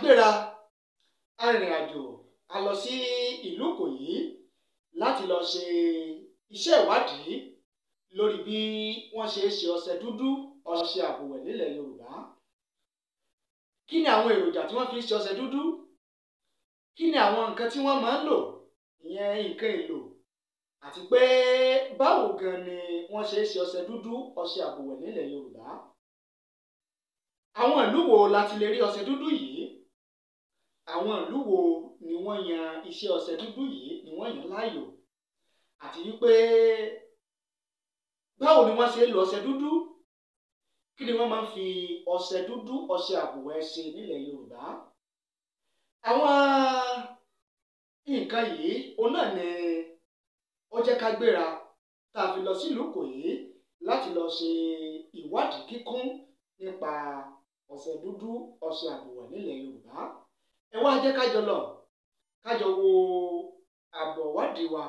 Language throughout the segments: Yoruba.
gbéra a rìnrìn àjò a lọ sí ìlú Ìkòyí láti lọ ṣe iṣẹ́ ìwádìí lórí bí wọ́n ṣe é ṣe ọṣẹ dúdú ọṣẹ àbùwẹ̀ nílẹ̀ Yorùbá kí ni àwọn èròjà tí wọ́n fi ń ṣe ọṣẹ dúdú kí ni àwọn nǹkan tí wọ́n máa ń lò ìyẹn nǹkan èlò àti pé báwo gan ni wọ́n ṣe ṣe ọṣẹ dúdú ọṣẹ àbùwẹ̀ nílẹ̀ Yorùbá àwọn ìlú wo la ti lè rí ọṣẹ dúdú yìí àwọn ìlú wo ni wọ́n yan iṣẹ́ ọṣẹ dúdú yìí ni wọ́n yàn láàyò àti wípé báwo ni wọ́n ṣe ń lo ọṣẹ dúdú kí ni wọ́n máa ń fi ọṣẹ dúdú ọṣẹ àbùwẹ̀ ṣe nílẹ̀ Yorùbá àwọn nǹkan yìí òun náà ni ó jẹ́ ká gbéra tá a fi lọ sílùú Ìkòyí láti lọ ṣe ìwádìí kíkún nípa ọṣẹ dúdú ọṣẹ àbùwẹ̀ nílẹ̀ Yorùbá ẹ wá jẹ́ kájọ lọ kájọ wo àbọ̀ wádìí wa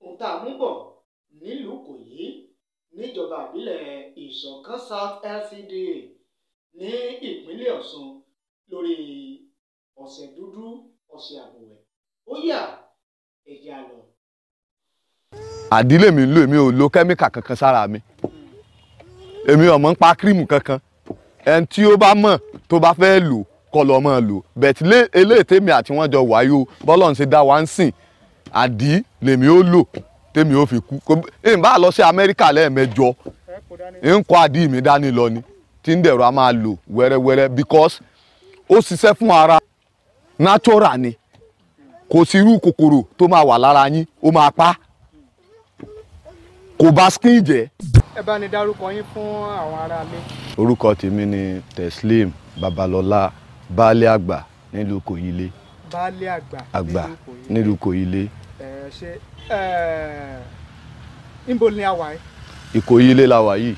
ohun tá a mú bọ̀ nílùú Ìkòyí níjọba ìbílẹ̀ Ìṣọ̀kan South LCDA ní ìpínlẹ̀ Ọ̀ṣun lórí ọ̀sẹ̀ dúdú ọ̀sẹ̀ àbùwẹ̀ ó yà ẹ̀jẹ̀ àlọ́. àdílé mi ń lò èmi ò lo kẹ́míkà kankan sára mi èmi ò mọ̀ ń pa kírìmù kankan ẹni tí ó bá mọ̀ tó bá fẹ́ lò ó kọ́ lọ́ máa lò bẹ̀tí eléyìí tèmi àti wọ́n jọ wáyé o bọ́lọ́n ṣe dá wa ń sìn àdí lèmi ó lò tèmi ó fi kú n bá lọ sí amẹ́ríkà lẹ́ẹ̀mẹjọ n kọ́ àdí mi dání lọ ni tí ń dẹ̀rọ a máa lò wẹ́rẹ́wẹ́rẹ́ because ó ṣiṣẹ́ fún ara natural ni kò sí irú kòkòrò tó máa wà lára yín ó máa pa kò bá skin jẹ́. ẹ bá ní dárúkọ yín fún àwọn aráalé. orúkọ tèmi ni Teslim Babalọlá baálé àgbà nílùú kòyílé. baálé àgbà àgbà nílùú kòyílé. ẹ ṣe ẹ níbo ni a wà yìí. ìkòyílé la wà yìí.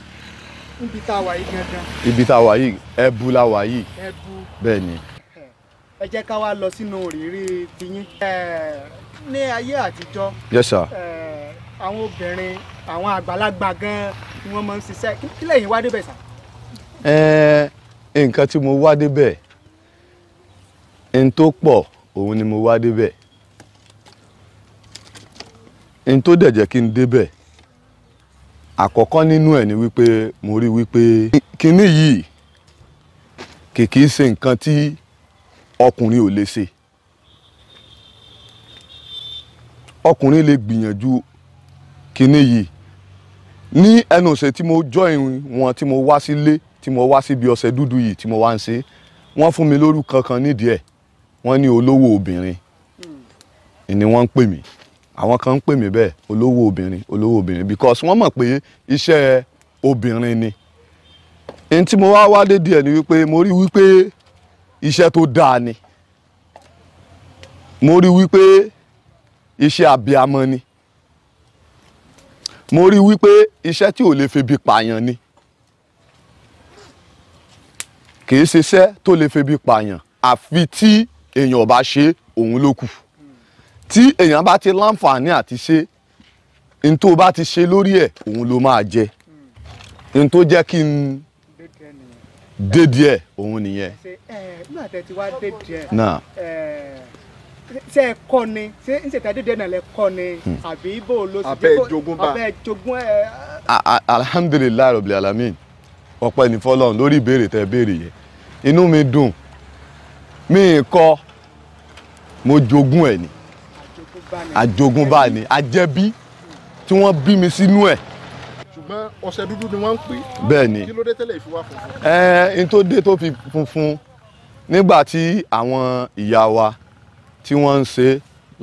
níbi tá a wà yìí gangan. ibi tá a wà yìí ẹbu la wà yìí. ẹbu bẹ́ẹ̀ ni. ẹ jẹ́ ká wá lọ sínú òrìrì tiyín. ẹ ní ayé àtijọ́. yes sir. ẹ àwọn obìnrin àwọn àgbàlagbà gan ni wọ́n máa ń ṣiṣẹ́ kí lẹ́yìn wá débẹ̀ sà. ẹ nǹkan tí mo wá débẹ̀ n tó pọ̀ òun ni mo wá débẹ̀ n tó dẹ̀ jẹ́ kí n débẹ̀ àkọ́kọ́ nínú ẹ̀ ni wípé mo rí wípé kinní yìí kìkì ṣe nǹkan tí ọkùnrin ò lè ṣe ọkùnrin lè gbìyànjú kinní yìí ní ẹnu ọ̀sẹ̀ tí mo join wọn tí mo wá sílé tí mo wá síbi ọṣẹ dúdú yìí tí mo wá ń ṣe wọ́n fún mi lórúkọ kan nídìí ẹ̀ wọ́n ní olówó obìnrin hmm. ni wọ́n ń pè mí àwọn kan ń pè mí bẹ́ẹ̀ olówó obìnrin olówó obìnrin because wọ́n mọ̀ pé iṣẹ́ obìnrin ni n tí mo wá wálé díẹ̀ ni wípé mo rí wípé iṣẹ́ tó dáa ni mo rí wípé iṣẹ́ abiyamọ ni mo rí wípé iṣẹ́ tí ò lè febi pààyàn ni kì í ṣiṣẹ́ tó lè febi pààyàn àfi tí èèyàn ò bá ṣe òun ló kù tí èèyàn bá ti láǹfààní àti ṣe n tó bá ti ṣe lórí ẹ̀ òun ló máa jẹ n tó jẹ́ kí n dédìí ẹ̀ òun nìyẹn. nígbà tẹ́ ti wá dédìí ẹ̀ ṣe ẹ ni ṣe ń ṣètà dédìí ẹ̀ náà lẹ ni hmm. àbí bò ló sì jẹ́ kó abẹ́ jogún ẹ̀. alhamdulilayi rabil alamin ọpẹ́ ní fọ́lọ́run lórí ìbéèrè tẹ́ béèrè yẹn inú mi dùn mí kọ́ mo jogún ẹ̀ ni àjogúnbá ni àjẹbí tí wọ́n bí mi sínú ẹ̀. ṣùgbọ́n ọṣẹ dúdú ni wọ́n ń pè. bẹ́ẹ̀ ni kí ló dé tẹ́lẹ̀ ìfi wá funfun. ẹ n tó dé tó fi funfun nígbà tí àwọn ìyá wa tí wọ́n ń ṣe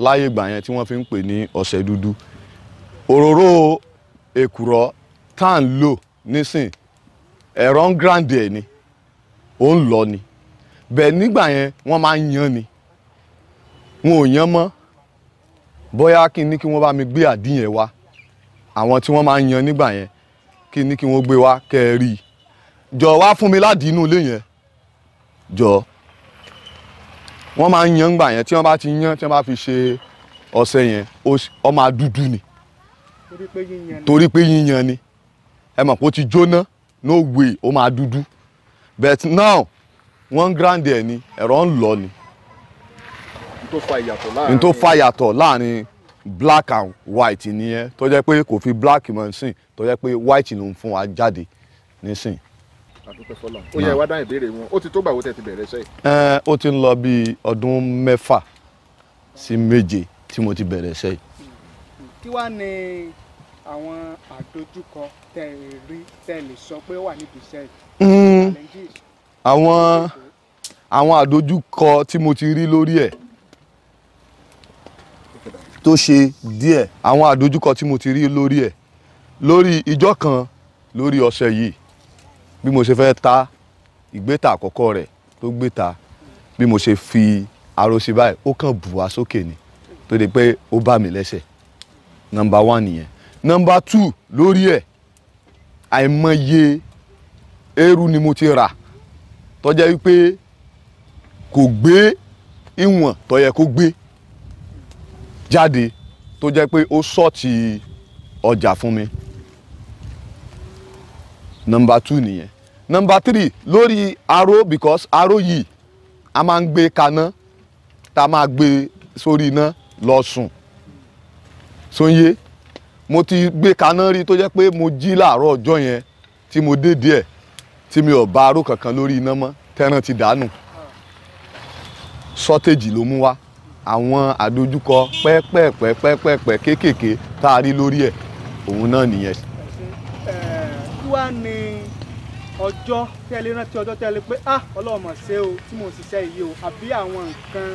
láyé ìgbà yẹn tí wọ́n fi ń pè ní ọṣẹ dúdú òróró èkùrọ́ tá à ń lò nísìn ẹ̀rọ ń gíràǹdì ẹ̀ ni ó ń lọ ni bẹ́ẹ̀ nígbà yẹn wọ́n máa ń yan ni wọn ò yan mọ́ bóyá kí n ní kí wọ́n bá mi gbé àdín yẹn wá àwọn tí wọ́n máa ń yan nígbà yẹn kí n ní kí wọ́n gbé wá kẹ́ i jọ wá fún mi láti inú ilé yẹn jọ wọ́n máa ń yan gbà yẹn tí wọ́n bá ti yan tí wọ́n bá fi ṣe ọṣẹ yẹn ó máa dúdú ni torí pé yíyan ni ẹ mọ̀ pé ti jóná no way ó máa but now wọ́n ń grind ni ẹ̀rọ ń lọ ni tó fa ìyàtọ̀ láàrin. n tó fa ìyàtọ̀ láàrin black and white nìyẹn tó jẹ́ pé kò fi black mọ̀ sin. tó jẹ́ pé white ló ń fún wa jáde nísìn. àdúpẹ́ fọlá ó yẹ wá dáhùn ìbéèrè wọn ó ti tó gbàgbọ́ tẹ̀ ti bẹ̀rẹ̀ iṣẹ́ yìí. ẹ ó ti ń lọ bí ọdún mẹ́fà sí méje tí mo ti bẹ̀rẹ̀ iṣẹ́ yìí. kí wàá ní àwọn àdójúkọ tẹ ẹ rí tẹ ẹ lè sọ pé ó wà níbi iṣẹ́ yìí. Hmm. àwọn àwọn àdójúkọ tí mo ti rí lórí ẹ̀ tó ṣe díẹ̀. àwọn àdójúkọ tí mo ti rí lórí ẹ̀ lórí ìjọ kan lórí ọ̀sẹ̀ yìí bí mo ṣe fẹ́ ta ìgbéta àkọ́kọ́ rẹ̀ tó gbéta bí mo ṣe fi àròsí báyìí ó kàn bù wá sókè ni tó di pé ó bá mi lẹ́sẹ̀ nọ́mbà one nìyẹn nọ́mbà two lórí ẹ̀ àìmọye eérú ni mo ti rà tó jẹ́ wípé kò gbé ìwọ̀n tó kó gbé jáde tó jẹ́ pé ó ṣọ́ọ̀tì ọjà fún mi nọmba two nìyẹn number three lórí aró because aró yìí a máa ń gbé kaná tá a máa gbé sórí iná lọ sùn sóyè mo ti gbé kaná rí tó jẹ́ pé mo jí láàárọ̀ ọjọ́ yẹn tí mo dé díẹ̀ tí mi ò bá aró kankan lórí iná mọ́ tẹ́ran ti dànù sọ́tẹ́jì ló mú wá àwọn àdojúkọ pẹ́pẹ́pẹ́ pẹ́pẹ́pẹ́ kéékèèké tá a rí lórí ẹ̀ òun náà nìyẹn. kí wàá ní ọjọ́ tí ẹ lè rántí ọjọ́ tí pé ah ọlọ́run ṣe o tí mo ṣiṣẹ́ yìí o àbí àwọn nǹkan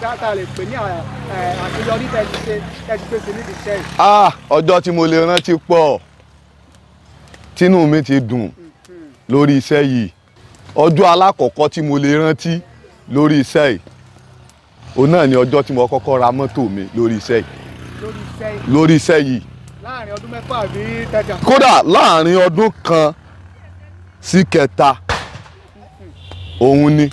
tá a lè pè ní àṣeyọrí tẹ́ ti ṣe tẹ́ ti pèsè níbi iṣẹ́ yìí. ah ọjọ́ tí mo lè rántí pọ̀ tínú mi ti dùn mm-hmm. lórí iṣẹ́ yìí ọjọ́ alákọ̀ọ́kọ́ tí mo lè rántí lórí iṣẹ́ yìí òun náà ni ọjọ́ tí mo kọ́kọ́ ra mọ́tò mi lórí iṣẹ́ yìí lórí iṣẹ́ yìí láàrin ọdún mẹ́fà àbí tẹ́jà. kódà láàrin ọdún kan sí kẹta òun ni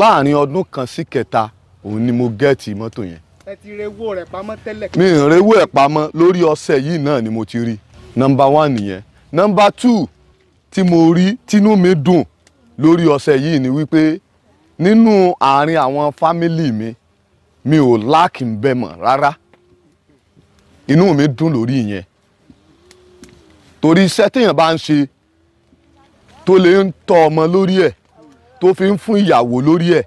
láàrin ọdún kan sí kẹta òun ni mo gẹ́ẹ̀tì mọ́tò yẹn. ẹ ti rewó rẹ̀ pamọ́ tẹ́lẹ̀. mi ì rewó ẹ̀ pamọ́ lórí ọṣẹ yìí náà ni mo ti rí nọ́mbà one nìyẹn nọ́mbà two tí mo rí tínú mi dùn lórí ọṣẹ yìí ni wípé nínú àárín àwọn fámìlì mi mi ò láàkì ń bẹ̀ mọ́ rárá inú mi dùn lórí ìyẹn torí iṣẹ́ téèyàn bá ń ṣe tó lè ń tọ́ ọmọ lórí ẹ̀ tó fi ń fún ìyàwó lórí ẹ̀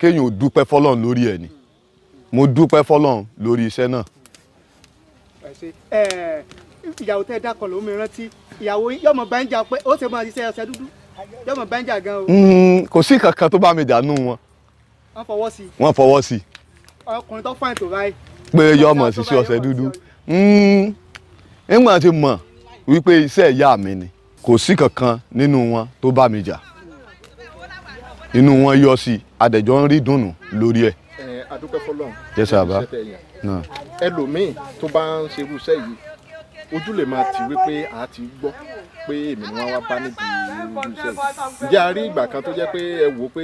kéèyàn ò dúpẹ́ fọlọ́run lórí ẹ̀ ni mo dúpẹ́ fọlọ́run lórí iṣẹ́ náà. Eh, ìyàwó tẹ́ dákọ̀ lómi rántí ìyàwó yọmọ bá ń jà pé ó ṣe máa ṣiṣẹ́ ọṣẹ dúdú yọmọ bẹ́ńjà gan o. Mm-hmm. kò sí kankan tó bá mi dànù wọn. wọ́n fọwọ́ sí. wọ́n fọwọ́ sí. ọkùnrin tó fàìn tó báyìí. pé yọmọ ṣiṣẹ́ ọ̀sẹ̀ dúdú mm-hmm. nígbà tí mọ̀ wípé iṣẹ́ ìyá mi ni kò sí kankan nínú wọn tó bá mi jà inú wọn yọ sí i adẹ̀jọ́ ń rí dùnnú lórí ẹ̀. ẹ adúpẹ́ fọlọ́run. jẹ́ sábà ẹlòmíì tó bá ń ṣerú iṣẹ́ yìí ojú lè máa tì wípé àá ti gbọ́ pé èmi ni wọ́n wá bá níbi iṣẹ́ ǹjẹ́ a rí ìgbà kan tó jẹ́ pé ẹ wò ó pé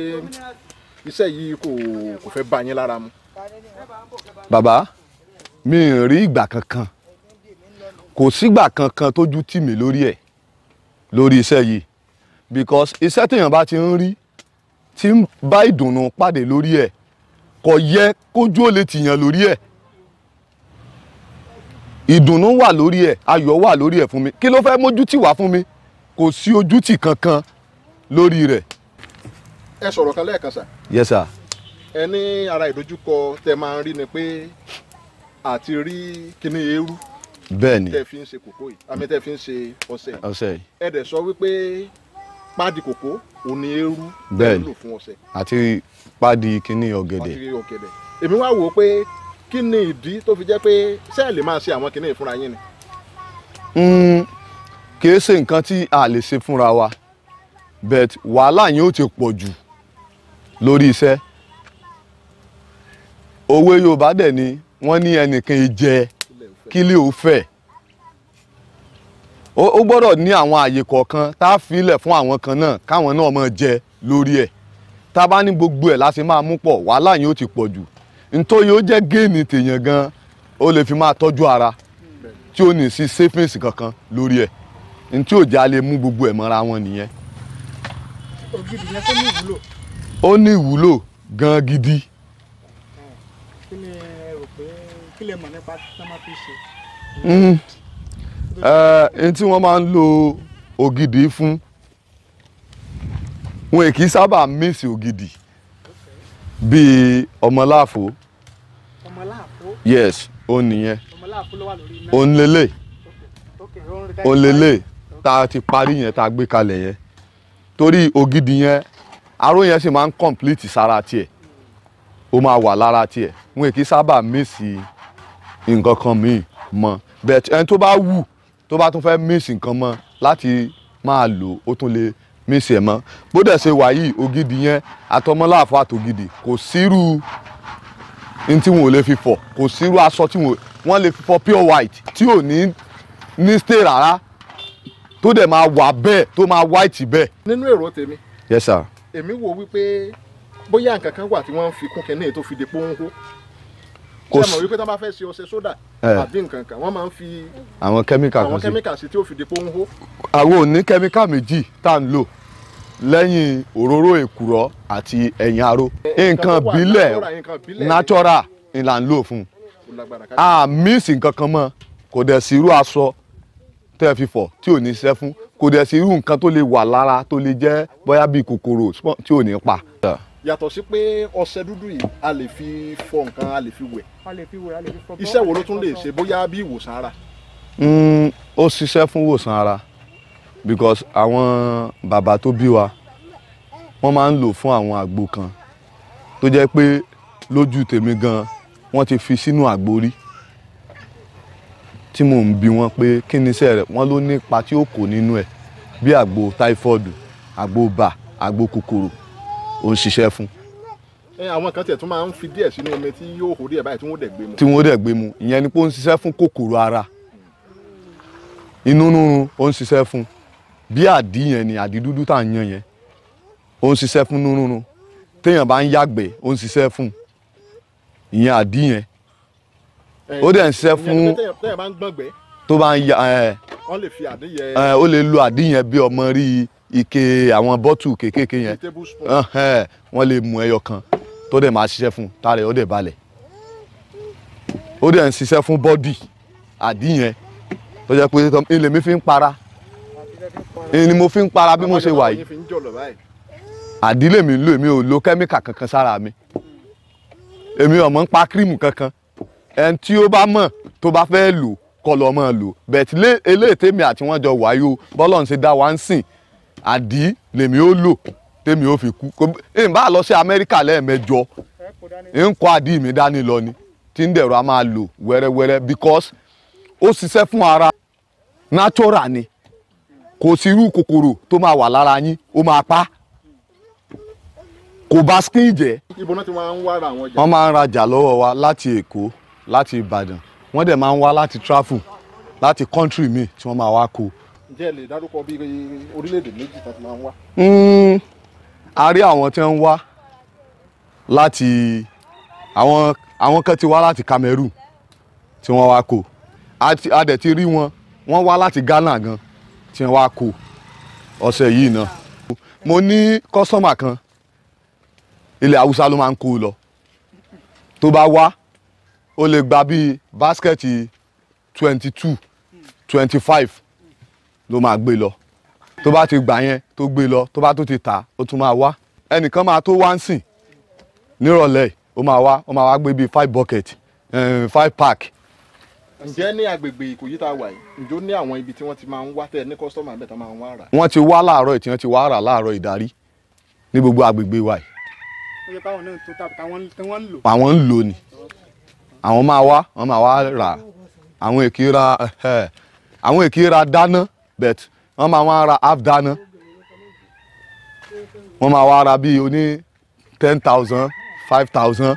iṣẹ́ yìí kò kò fẹ́ bá yín lára mu. bàbá mi ò rí ìgbà kankan kò sígbà kankan tójú tì mí lórí ẹ̀ lórí iṣẹ́ yìí because iṣẹ́ téèyàn bá ti ń rí tí ń bá ìdùnnú pàdé lórí ẹ̀ kò yẹ kójú ó lè tìyàn lórí ẹ̀ ìdùnnú wà lórí ẹ̀ ayọ̀ wà lórí ẹ̀ fún mi kí ló fẹ́ mójútì wá fún mi kò sí ojútì kankan lórí rẹ̀. ẹ sọ̀rọ̀ kan lẹ́ẹ̀kan sà. yes sà. ẹ ní ara ìdojúkọ tẹ máa ń rí ni pé àti rí kíní eérú. bẹ́ẹ̀ni tẹ fi ń ṣe kòkó yìí àmì tẹ fi ń ṣe ọṣẹ. ọṣẹ yìí. ẹ dẹ̀ sọ wípé páàdì kòkó òní eérú. bẹ́ẹ̀ni àti páàdì kíní ọ̀gẹ̀dẹ̀. àti ọ̀gẹ̀dẹ̀ èmi wá wò ó pé kí ni ìdí tó fi jẹ́ pé sẹ́ẹ̀lì máa ṣe àwọn kìnìún fúnra yín ni. Hmm, kì í ṣe nǹkan tí a lè ṣe fúnra wa but wàhálà yín ó ti pọ̀ jù lórí iṣẹ́ òwe Yorùbá dẹ̀ ni wọ́n ní ẹnìkan ìjẹ kílẹ̀ ò fẹ̀ ó gbọ́dọ̀ ní àwọn àyè kọ̀ọ̀kan tá a filẹ̀ fún àwọn kan náà káwọn náà máa jẹ lórí ẹ̀ tá a bá ní gbogbo ẹ̀ la ṣe máa mú pọ̀ wàhálà yín ó ti pọ̀ jù nítorí ó jẹ́ géènì tèèyàn gan ó lè fi máa tọ́jú ara tí ò ní sí savings kankan lórí ẹ̀ ní tí òjá lè mú gbogbo ẹ̀ mọ́ra wọn nìyẹn. ògidì yẹn tó ní ìwúlò. ó ní ìwúlò gan gidi. kí ni ẹ rò pé kí lè mọ̀ nípa tí wọ́n máa fi ṣe. Hmm. ẹ tí wọ́n máa ń lo ògidì fún wọn kì í sábà mísì ògidì bíi ọmọláàfo. Okay ọmọláàfó. yes ó nìyẹn ọmọláàfó ló wà lórí iná. òun lélẹ̀ òun lélẹ̀ tá a ti parí yẹn tá a gbé kalẹ̀ yẹn torí ògidì yẹn aró yẹn sì máa ń complete sára tiẹ̀ ó máa wà lára tiẹ̀ wọn kì í sábà mísì nǹkan kan míì mọ́ bẹ́ẹ̀ ẹni tó bá wù tó bá tún fẹ́ mísì nǹkan mọ́ láti máa lò ó tún lè mísì ẹ̀ mọ́ bó dẹ̀ ṣe wà yìí ògidì yẹn àtọmọláàfọ àtògidì kò sírú ní tí wọn ò lè fi fọ̀ kò sírú aṣọ tí wọn lè fi fọ̀ pure white tí ò ní ní stay rárá tó dẹ̀ máa wà bẹ́ẹ̀ tó máa white bẹ́ẹ̀. nínú èrò tèmi. yes sir. èmi wò wípé bóyá nǹkan kan wà tí wọ́n ń fi kún kẹ́ni tó fi de pọ́nkó kò sí. ṣé mo wípé tí wọ́n bá fẹ́ ṣe ọṣẹ sódà eh. àbí nǹkan kan wọ́n máa ń fi. àwọn kẹ́míkà kan sí àwọn tí ó fi de pọ́nkó. àwọn ò ní kẹ́míkà méjì tá à ń lò lẹ́yìn òróró èkùrọ́ àti ẹ̀yìn aró nǹkan bílẹ̀ natural ni là ń lò fún a míìsì nǹkan kan mọ́ kò dẹ̀ sí irú aṣọ tẹ́ fi fọ̀ tí ò ní ṣẹ́ fún kò dẹ̀ sí irú nǹkan tó lè wà lára tó lè jẹ́ bóyá bíi kòkòrò tí ò ní pa yàtọ̀ sí pé ọṣẹ dúdú yìí a lè fi fọ nǹkan a lè fi wẹ̀ iṣẹ́ wo ló tún lè ṣe bóyá bí ìwòsàn ara. Hmm, ó ṣiṣẹ́ fún ìwòsàn ara because àwọn bàbá tó bí wa wọ́n máa ń lò fún àwọn àgbo kan tó jẹ́ pé lójú tèmi gan wọ́n ti fi sínú àgbo rí tí mò ń bi wọ́n pé kí ni iṣẹ́ rẹ̀ wọ́n ló ní ipa tí ó kó nínú ẹ̀ bí àgbo táífọ́ọ̀dù àgbo bà àgbo kòkòrò ó ń ṣiṣẹ́ fún. àwọn kan tiẹ̀ tún máa ń fi díẹ̀ sínú omi tí yóò hó díẹ̀ báyìí tí wọ́n dẹ̀ gbé mu. tí wọ́n dẹ̀ gbé mu ìyẹn ni pé ó ń ṣiṣẹ́ fún kòkòrò ara inú rúnrún ó ń ṣiṣẹ́ fún bí àdí yẹn ni àdí dúdú tá à ń yan yẹn ó ń ṣiṣẹ́ fún núrúnú téèyàn bá ń yàgbẹ́ ó ń ṣiṣẹ́ fún ìyẹn àdí yẹn ó dẹ̀ ń ṣiṣẹ́ fún tó bá ń ya ẹ ẹ ó lè lo àdí yẹn bí ọmọ rí ike àwọn bọ́tù kéékèèké yẹn wọ́n lè mú ẹyọ kan tó dẹ̀ máa ṣiṣẹ́ fún tá rẹ̀ ó dẹ̀ balẹ̀ ó dẹ̀ ń ṣiṣẹ́ fún bọ́dì àdí yẹn tó jẹ́ pé ilé mi fi ń para ni mo fi ń para bí mo ṣe wà yìí àdílé mi lò èmi ò lo kẹ́míkà kankan sára mi èmi ò mọ̀ ń pa kírìmù kankan ẹni tí ó bá mọ̀ tó bá fẹ́ lò kọ́ lọ́ mọ̀ lò bẹ̀tí eléyìí tèmi àti wọ́n jọ wáyé bọ́lọ̀ ń ṣe dá wa ń sìn àdí lèmi ó lò tèmi ó fi kú n bá lọ sí Amẹ́ríkà lẹ́ẹ̀mẹjọ n kọ́ àdí mi dání lọ ni tí ń dẹ̀rọ a máa lò wẹ́rẹ́wẹ́rẹ́ because ó ṣiṣẹ́ fún ara natural ni kò sí irú kòkòrò tó máa wà lára yín ó máa pa kò bá skin jẹ́. ibo ti máa ń wá ra àwọn ọjà. wọ́n máa ń rajà lọ́wọ́ wa láti èkó láti ìbàdàn wọ́n dẹ̀ máa ń wá láti travel láti country mi tí wọ́n máa wá kó. ǹjẹ́ ẹ lè dárúkọ bí orílẹ̀-èdè méjì tó ti máa ń wá. Hmm, a rí àwọn tí wọ́n ń wá láti àwọn àwọn kan ti wá láti Cameroon tí wọ́n wá kó a dẹ̀ ti rí wọn wọ́n wá láti Ghana gan-an tí wọ́n wá kó ọ̀sẹ̀ yìí náà. mo ní kọ́sọ́mà kan ilẹ̀ haúsá ló máa ń kó lọ tó bá wá ó lè gba bíi báskẹ̀tì twenty two twenty five ló máa gbé lọ tó bá ti gbà yẹn tó gbé lọ tó bá tó ti tà ó tún máa wá ẹnìkan máa tó wá ń sìn nírọ̀lẹ́ ó máa wá ó máa wá gbé bíi five bucket eh, five pack ǹjẹ́ ní agbègbè ìkòyí tá a wà yìí ǹjọ́ ní àwọn ibi tí wọ́n ti máa ń wá tẹ́ ní kọ́sítọ́mà bẹ́ẹ̀ tá máa ń wá rà. wọ́n ti wá láàárọ̀ tí wọ́n ti wá rà láàárọ̀ ìdarí ní gbogbo agbègbè wa yìí. àwọn ń lò ní àwọn máa wá wọ́n máa wá rà àwọn èkì ra àwọn èkì ra dáná bet wọ́n máa wá ra half dáná wọ́n máa wá ra bíi oní ten thousand five thousand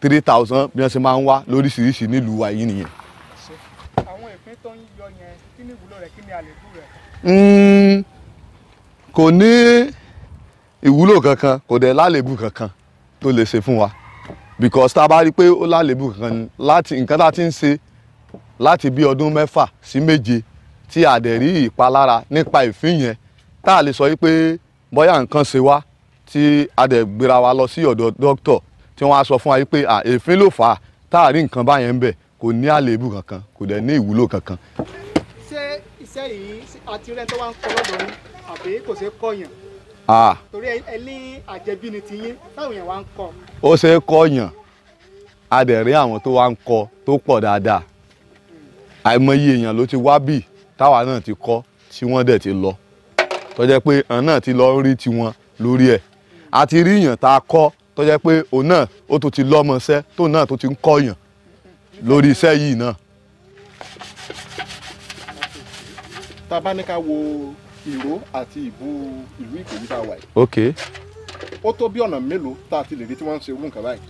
three thousand bí wọ́n ṣe máa ń wá lóríṣiríṣi nílùú wa yìí nìyẹn àwùjọ yẹn kí ni ìwúlò rẹ̀ kí ni àlékún rẹ̀. Hmm, kò ní ìwúlò kankan kò dẹ̀ lálébù kankan tó lè ṣe fún wa because tá a bá rí i pé ó lálébù kankan láti nǹkan tá a ti ń ṣe láti bí ọdún mẹ́fà sí méje tí a dẹ̀ rí ìpalára nípa ìfín yẹn tá a lè sọ yí pé bóyá nǹkan ṣe wá tí a dẹ̀ gbéra wa lọ sí ọ̀dọ̀ dókítọ̀ tí wọ́n á sọ fún wa pé èéfín ló fà á tá a rí nǹkan báyẹn ń bẹ̀ kò ní àléébù kankan kò dẹ̀ ní ìwúlò kankan. ṣé iṣẹ́ yìí àti rẹ́ tó wá ń kọ́ lọ́dọ̀ yín àbí kò ṣeé kọ́yàn. torí ẹ àjẹbí ni tiyín táwọn èèyàn wá ń kọ́. ó ṣeé kọ́yàn a dẹ̀ rí àwọn tó wá ń kọ́ tó pọ̀ dáadáa àìmọye èèyàn ló ti wá bì táwa náà ti kọ́ tí wọ́n dẹ̀ ti lọ tó jẹ́ pé ọ̀ náà ti lọ rí tiwọn lórí ẹ̀ àti rí èèyàn tá a kọ́ tó pé òun náà ó tó ti lọ́mọṣẹ́ tóun náà tó ti ń kọ́yàn lórí iṣẹ́ yìí náà. tá a bá ní ká wo ìró àti ìbú ìlú ìkòyí tá a wà yìí. ok. ó tó bí ọ̀nà mélòó tá a ti lè rí tí wọ́n ń ṣe irú nǹkan báyìí.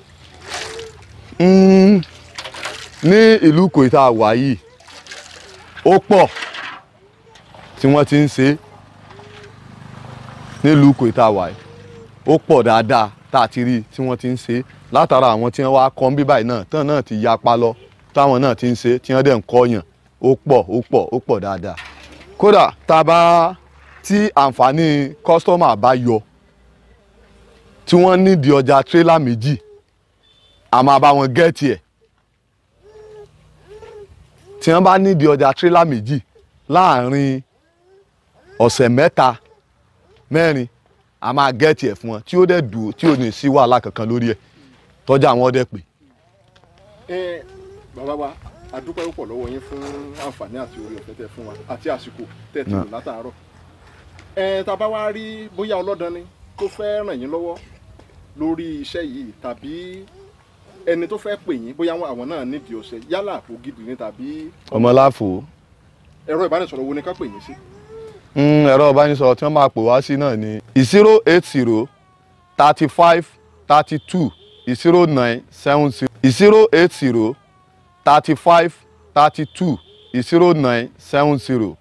Hmm. ní ìlú ìkòyí tá a wà yìí ó pọ̀ tí wọ́n ti ń ṣe nílùú ìkòyí tá a wà yìí ó pọ̀ dáadáa tá a ti rí tí wọ́n ti ń ṣe látara àwọn tí wọ́n wá kọ́ ń bí báyìí náà tán náà ti yapa lọ táwọn náà ti ń ṣe tí wọ́n dẹ̀ ń kọ́yàn ó pọ̀ ó pọ̀ ó pọ̀ dáadáa kódà tá a bá tí àǹfààní kọ́sítọ́mà bá yọ tí wọ́n nídìí ọjà tírélà méjì a máa bá wọn gẹ́ẹ̀tì ẹ̀ tí wọ́n bá nídìí ọjà tírélà méjì láàárín ọ̀sẹ̀ mẹ́ta mẹ́rin a máa gẹ́ẹ̀tì ẹ̀ fún wọn tí ó dẹ̀ dùn tí ò ní sí wàhálà kankan lórí ẹ̀ tọ́jà àwọn ọdẹ pè. ẹ bàbá wa a dúpẹ́ púpọ̀ lọ́wọ́ yín fún àǹfààní àti oore ọ̀fẹ́ tẹ fún wa àti àsìkò tẹ ti lò látàárọ̀ ẹ tá a bá wá rí bóyá ọlọ́dàn ni tó fẹ́ ràn yín lọ́wọ́ lórí iṣẹ́ yìí tàbí ẹni tó fẹ́ pè yín bóyá àwọn náà nídìí ọṣẹ yálà àpò gidi ni tàbí. ọmọláfo. ẹ̀rọ ìbánisọ̀rọ̀ wo ni ká pè yín sí. Hmm, ẹ̀rọ ìbánisọ̀rọ̀ tí wọ́n máa pè wá sí náà ni zero eight zero thirty five thirty two zero nine seven zero zero eight zero thirty five thirty two zero nine seven zero.